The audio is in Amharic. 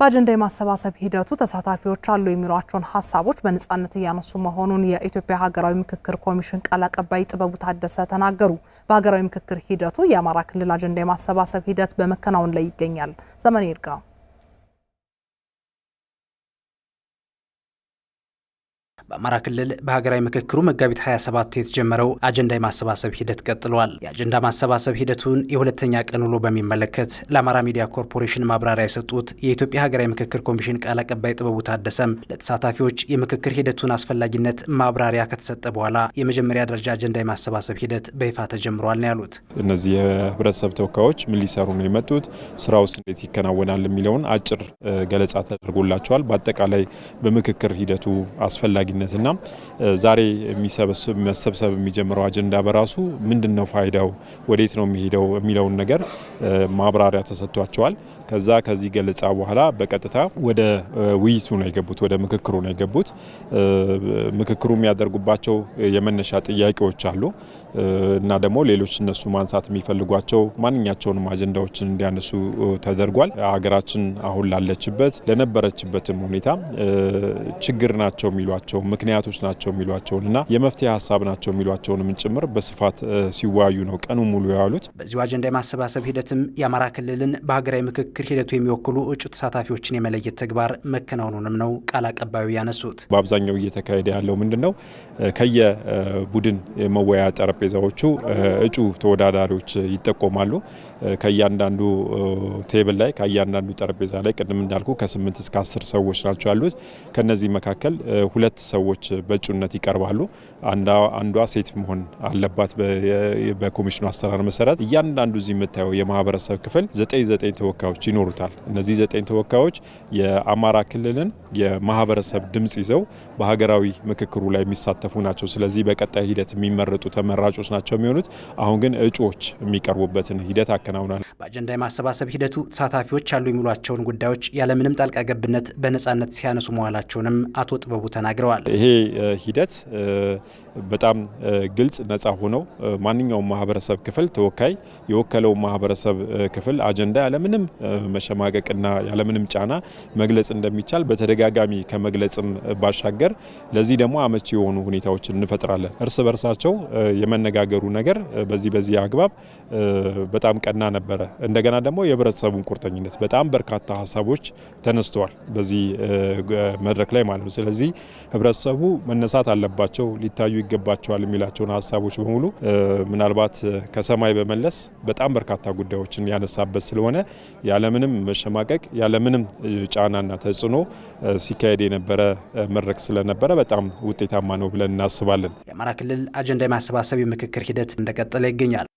በአጀንዳ የማሰባሰብ ሂደቱ ተሳታፊዎች አሉ የሚሏቸውን ሀሳቦች በነጻነት እያነሱ መሆኑን የኢትዮጵያ ሀገራዊ ምክክር ኮሚሽን ቃል አቀባይ ጥበቡ ታደሰ ተናገሩ። በሀገራዊ ምክክር ሂደቱ የአማራ ክልል አጀንዳ የማሰባሰብ ሂደት በመከናወን ላይ ይገኛል። ዘመን ይርጋ በአማራ ክልል በሀገራዊ ምክክሩ መጋቢት 27 የተጀመረው አጀንዳ የማሰባሰብ ሂደት ቀጥሏል። የአጀንዳ ማሰባሰብ ሂደቱን የሁለተኛ ቀን ውሎ በሚመለከት ለአማራ ሚዲያ ኮርፖሬሽን ማብራሪያ የሰጡት የኢትዮጵያ ሀገራዊ ምክክር ኮሚሽን ቃል አቀባይ ጥበቡ ታደሰም ለተሳታፊዎች የምክክር ሂደቱን አስፈላጊነት ማብራሪያ ከተሰጠ በኋላ የመጀመሪያ ደረጃ አጀንዳ የማሰባሰብ ሂደት በይፋ ተጀምሯል ነው ያሉት። እነዚህ የህብረተሰብ ተወካዮች ምን ሊሰሩ ነው የመጡት፣ ውስጥ እንዴት ይከናወናል የሚለውን አጭር ገለጻ ተደርጎላቸዋል። በአጠቃላይ በምክክር ሂደቱ አስፈላጊ አስፈላጊነትና ዛሬ መሰብሰብ የሚጀምረው አጀንዳ በራሱ ምንድን ነው ፋይዳው፣ ወዴት ነው የሚሄደው የሚለውን ነገር ማብራሪያ ተሰጥቷቸዋል። ከዛ ከዚህ ገለጻ በኋላ በቀጥታ ወደ ውይይቱ ነው የገቡት፣ ወደ ምክክሩ ነው የገቡት። ምክክሩ የሚያደርጉባቸው የመነሻ ጥያቄዎች አሉ እና ደግሞ ሌሎች እነሱ ማንሳት የሚፈልጓቸው ማንኛቸውንም አጀንዳዎችን እንዲያነሱ ተደርጓል። ሀገራችን አሁን ላለችበት ለነበረችበትም ሁኔታ ችግር ናቸው የሚሏቸው ናቸው፣ ምክንያቶች ናቸው የሚሏቸውን እና የመፍትሄ ሀሳብ ናቸው የሚሏቸውንም ጭምር በስፋት ሲወያዩ ነው ቀኑ ሙሉ ያሉት። በዚሁ አጀንዳ የማሰባሰብ ሂደትም የአማራ ክልልን በሀገራዊ ምክክር ሂደቱ የሚወክሉ እጩ ተሳታፊዎችን የመለየት ተግባር መከናወኑንም ነው ቃል አቀባዩ ያነሱት። በአብዛኛው እየተካሄደ ያለው ምንድን ነው ከየቡድን መወያያ ጠረጴዛዎቹ እጩ ተወዳዳሪዎች ይጠቆማሉ። ከእያንዳንዱ ቴብል ላይ ከእያንዳንዱ ጠረጴዛ ላይ ቅድም እንዳልኩ ከስምንት እስከ አስር ሰዎች ናቸው ያሉት። ከነዚህ መካከል ሁለት ሰዎች በእጩነት ይቀርባሉ። አንዷ ሴት መሆን አለባት። በኮሚሽኑ አሰራር መሰረት እያንዳንዱ እዚህ የምታየው የማህበረሰብ ክፍል ዘጠኝ ዘጠኝ ተወካዮች ይኖሩታል። እነዚህ ዘጠኝ ተወካዮች የአማራ ክልልን የማህበረሰብ ድምፅ ይዘው በሀገራዊ ምክክሩ ላይ የሚሳተፉ ናቸው። ስለዚህ በቀጣይ ሂደት የሚመረጡ ተመራጮች ናቸው የሚሆኑት። አሁን ግን እጩዎች የሚቀርቡበትን ሂደት አከናውናል። በአጀንዳ የማሰባሰብ ሂደቱ ተሳታፊዎች አሉ የሚሏቸውን ጉዳዮች ያለምንም ጣልቃ ገብነት በነፃነት ሲያነሱ መዋላቸውንም አቶ ጥበቡ ተናግረዋል። ተናግረዋል። ይሄ ሂደት በጣም ግልጽ ነጻ ሆኖ ማንኛውም ማህበረሰብ ክፍል ተወካይ የወከለው ማህበረሰብ ክፍል አጀንዳ ያለምንም መሸማቀቅና ያለምንም ጫና መግለጽ እንደሚቻል በተደጋጋሚ ከመግለጽም ባሻገር ለዚህ ደግሞ አመቺ የሆኑ ሁኔታዎችን እንፈጥራለን። እርስ በርሳቸው የመነጋገሩ ነገር በዚህ በዚህ አግባብ በጣም ቀና ነበረ። እንደገና ደግሞ የህብረተሰቡን ቁርጠኝነት በጣም በርካታ ሀሳቦች ተነስተዋል በዚህ መድረክ ላይ ማለት ነው። ስለዚህ ህብረተሰቡ መነሳት አለባቸው፣ ሊታዩ ይገባቸዋል የሚላቸውን ሀሳቦች በሙሉ ምናልባት ከሰማይ በመለስ በጣም በርካታ ጉዳዮችን ያነሳበት ስለሆነ ያለምንም መሸማቀቅ ያለምንም ጫናና ተጽዕኖ ሲካሄድ የነበረ መድረክ ስለነበረ በጣም ውጤታማ ነው ብለን እናስባለን። የአማራ ክልል አጀንዳ የማሰባሰብ የምክክር ሂደት እንደቀጠለ ይገኛል።